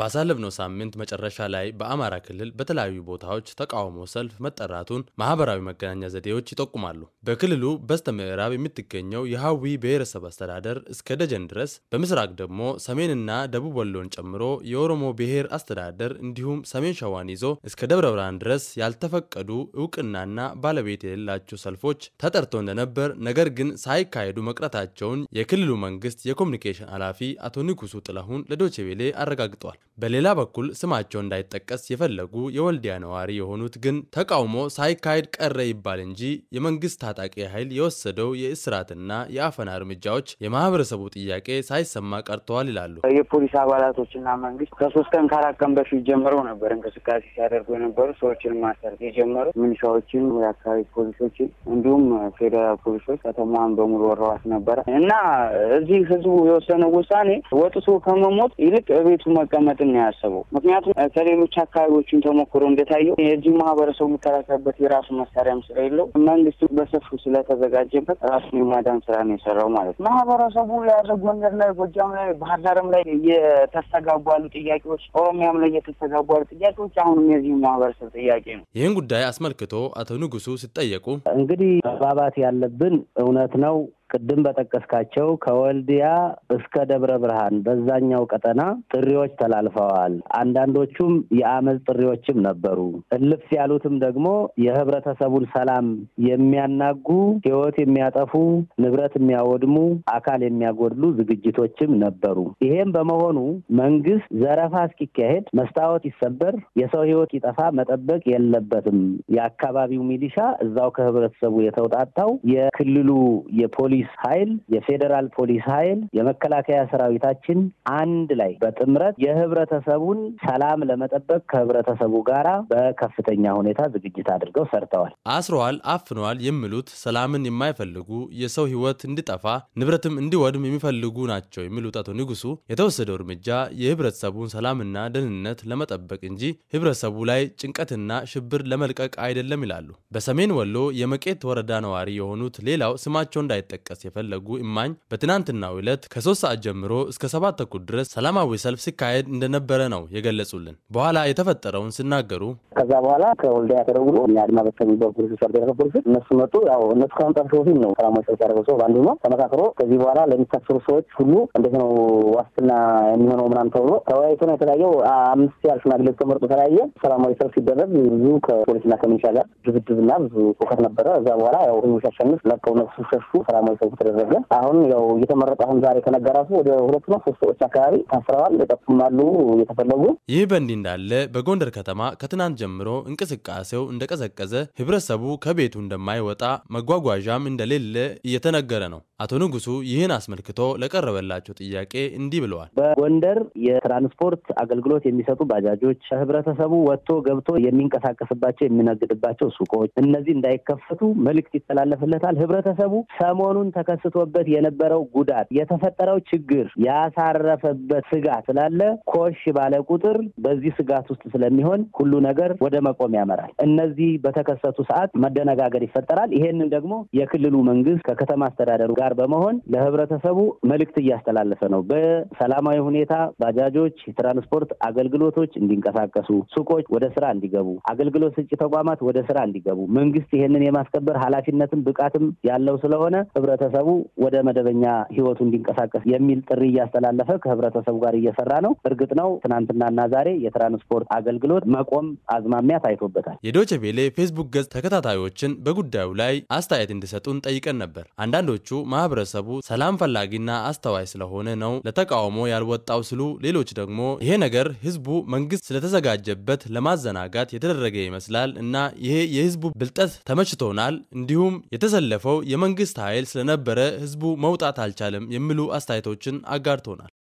ባሳለፍነው ሳምንት መጨረሻ ላይ በአማራ ክልል በተለያዩ ቦታዎች ተቃውሞ ሰልፍ መጠራቱን ማህበራዊ መገናኛ ዘዴዎች ይጠቁማሉ። በክልሉ በስተ ምዕራብ የምትገኘው የሀዊ ብሔረሰብ አስተዳደር እስከ ደጀን ድረስ፣ በምስራቅ ደግሞ ሰሜንና ደቡብ ወሎን ጨምሮ የኦሮሞ ብሔር አስተዳደር እንዲሁም ሰሜን ሸዋን ይዞ እስከ ደብረ ብርሃን ድረስ ያልተፈቀዱ እውቅናና ባለቤት የሌላቸው ሰልፎች ተጠርቶ እንደነበር ነገር ግን ሳይካሄዱ መቅረታቸውን የክልሉ መንግስት የኮሚኒኬሽን ኃላፊ አቶ ንጉሱ ጥላሁን ለዶቼ ቬሌ አረጋግጧል። በሌላ በኩል ስማቸው እንዳይጠቀስ የፈለጉ የወልዲያ ነዋሪ የሆኑት ግን ተቃውሞ ሳይካሄድ ቀረ ይባል እንጂ የመንግስት ታጣቂ ኃይል የወሰደው የእስራትና የአፈና እርምጃዎች የማህበረሰቡ ጥያቄ ሳይሰማ ቀርተዋል ይላሉ። የፖሊስ አባላቶችና መንግስት ከሶስት ቀን ከአራት ቀን በፊት ጀምረው ነበር እንቅስቃሴ ሲያደርጉ የነበሩ ሰዎችን ማሰር የጀመሩ ሚኒሻዎችን፣ የአካባቢ ፖሊሶችን እንዲሁም ፌዴራል ፖሊሶች ከተማዋን በሙሉ ወረዋት ነበረ እና እዚህ ህዝቡ የወሰነው ውሳኔ ወጥቶ ከመሞት ይልቅ እቤቱ መቀመጥ ማስቀመጥን ነው ያሰበው። ምክንያቱም ከሌሎች አካባቢዎችን ተሞክሮ እንደታየው የዚህ ማህበረሰቡ የሚከራከርበት የራሱ መሳሪያም ስለሌለው መንግስቱ በሰፊው ስለተዘጋጀበት ራሱን የማዳን ስራ ነው የሰራው ማለት ነው። ማህበረሰቡ ያዘ ጎንደር ላይ፣ ጎጃም ላይ፣ ባህር ዳርም ላይ የተስተጋቡ ያሉ ጥያቄዎች፣ ኦሮሚያም ላይ የተስተጋቡ ያሉ ጥያቄዎች አሁንም የዚህ ማህበረሰብ ጥያቄ ነው። ይህን ጉዳይ አስመልክቶ አቶ ንጉሱ ሲጠየቁ እንግዲህ መግባባት ያለብን እውነት ነው ቅድም በጠቀስካቸው ከወልዲያ እስከ ደብረ ብርሃን በዛኛው ቀጠና ጥሪዎች ተላልፈዋል። አንዳንዶቹም የአመፅ ጥሪዎችም ነበሩ። እልፍ ያሉትም ደግሞ የህብረተሰቡን ሰላም የሚያናጉ፣ ህይወት የሚያጠፉ፣ ንብረት የሚያወድሙ፣ አካል የሚያጎድሉ ዝግጅቶችም ነበሩ። ይሄም በመሆኑ መንግስት ዘረፋ እስኪካሄድ፣ መስታወት ይሰበር፣ የሰው ህይወት ይጠፋ መጠበቅ የለበትም። የአካባቢው ሚሊሻ እዛው ከህብረተሰቡ የተውጣጣው የክልሉ የፖሊስ ፖሊስ ኃይል፣ የፌዴራል ፖሊስ ኃይል፣ የመከላከያ ሰራዊታችን አንድ ላይ በጥምረት የህብረተሰቡን ሰላም ለመጠበቅ ከህብረተሰቡ ጋር በከፍተኛ ሁኔታ ዝግጅት አድርገው ሰርተዋል። አስረዋል፣ አፍነዋል የሚሉት ሰላምን የማይፈልጉ የሰው ህይወት እንዲጠፋ ንብረትም እንዲወድም የሚፈልጉ ናቸው የሚሉት አቶ ንጉሱ የተወሰደው እርምጃ የህብረተሰቡን ሰላምና ደህንነት ለመጠበቅ እንጂ ህብረተሰቡ ላይ ጭንቀትና ሽብር ለመልቀቅ አይደለም ይላሉ። በሰሜን ወሎ የመቄት ወረዳ ነዋሪ የሆኑት ሌላው ስማቸው እንዳይጠቀ መጠቀስ የፈለጉ እማኝ በትናንትናው ዕለት ከሶስት ሰዓት ጀምሮ እስከ ሰባት ተኩል ድረስ ሰላማዊ ሰልፍ ሲካሄድ እንደነበረ ነው የገለጹልን። በኋላ የተፈጠረውን ስናገሩ ከዛ በኋላ ከወልዲያ ተደውሎ የአድማ በተሚ ፖሊስ ሰርቤራ ፖሊስ እነሱ መጡ። ያው እነሱ ከመምጣት በፊት ነው ሰላማዊ ሰልፍ ያደረገው ሰው በአንዱ ነው ተመካክሮ ከዚህ በኋላ ለሚታሰሩ ሰዎች ሁሉ እንዴት ነው ዋስትና የሚሆነው ምናምን ተብሎ ተወያይቶ ነው የተለያየው። አምስት ያህል ሽማግሌዎች ተመርጦ ተለያየ። ሰላማዊ ሰልፍ ሲደረግ ብዙ ከፖሊስና ከሚሊሻ ጋር ድብድብና ብዙ እውቀት ነበረ። እዛ በኋላ ያው ህዝቡ ሲያሸንፍ ለቀው ነፍሱ ሸሹ። ሰላማዊ እንዲሰበሰቡ ተደረገ። አሁን ያው የተመረጠ አሁን ዛሬ ከነገራሱ ወደ ሁለት ነው ሶስት ሰዎች አካባቢ ታስረዋል፣ የጠፉም አሉ የተፈለጉ። ይህ በእንዲህ እንዳለ በጎንደር ከተማ ከትናንት ጀምሮ እንቅስቃሴው እንደቀዘቀዘ፣ ህብረተሰቡ ከቤቱ እንደማይወጣ መጓጓዣም እንደሌለ እየተነገረ ነው። አቶ ንጉሱ ይህን አስመልክቶ ለቀረበላቸው ጥያቄ እንዲህ ብለዋል። በጎንደር የትራንስፖርት አገልግሎት የሚሰጡ ባጃጆች ህብረተሰቡ ወጥቶ ገብቶ የሚንቀሳቀስባቸው የሚነግድባቸው ሱቆች እነዚህ እንዳይከፈቱ መልእክት ይተላለፍለታል። ህብረተሰቡ ሰሞኑን እስካሁን ተከስቶበት የነበረው ጉዳት የተፈጠረው ችግር ያሳረፈበት ስጋት ስላለ ኮሽ ባለ ቁጥር በዚህ ስጋት ውስጥ ስለሚሆን ሁሉ ነገር ወደ መቆም ያመራል። እነዚህ በተከሰቱ ሰዓት መደነጋገር ይፈጠራል። ይሄንን ደግሞ የክልሉ መንግስት ከከተማ አስተዳደሩ ጋር በመሆን ለህብረተሰቡ መልእክት እያስተላለፈ ነው። በሰላማዊ ሁኔታ ባጃጆች፣ የትራንስፖርት አገልግሎቶች እንዲንቀሳቀሱ፣ ሱቆች ወደ ስራ እንዲገቡ፣ አገልግሎት ሰጪ ተቋማት ወደ ስራ እንዲገቡ መንግስት ይሄንን የማስከበር ኃላፊነትም ብቃትም ያለው ስለሆነ ህብረ ህብረተሰቡ ወደ መደበኛ ህይወቱ እንዲንቀሳቀስ የሚል ጥሪ እያስተላለፈ ከህብረተሰቡ ጋር እየሰራ ነው። እርግጥ ነው ትናንትናና ዛሬ የትራንስፖርት አገልግሎት መቆም አዝማሚያ ታይቶበታል። የዶች ፌስቡክ ገጽ ተከታታዮችን በጉዳዩ ላይ አስተያየት እንዲሰጡን ጠይቀን ነበር። አንዳንዶቹ ማህበረሰቡ ሰላም ፈላጊና አስተዋይ ስለሆነ ነው ለተቃውሞ ያልወጣው ሲሉ፣ ሌሎች ደግሞ ይሄ ነገር ህዝቡ መንግስት ስለተዘጋጀበት ለማዘናጋት የተደረገ ይመስላል እና ይሄ የህዝቡ ብልጠት ተመችቶናል፣ እንዲሁም የተሰለፈው የመንግስት ኃይል ስለ ስለነበረ ህዝቡ መውጣት አልቻለም የሚሉ አስተያየቶችን አጋርቶናል።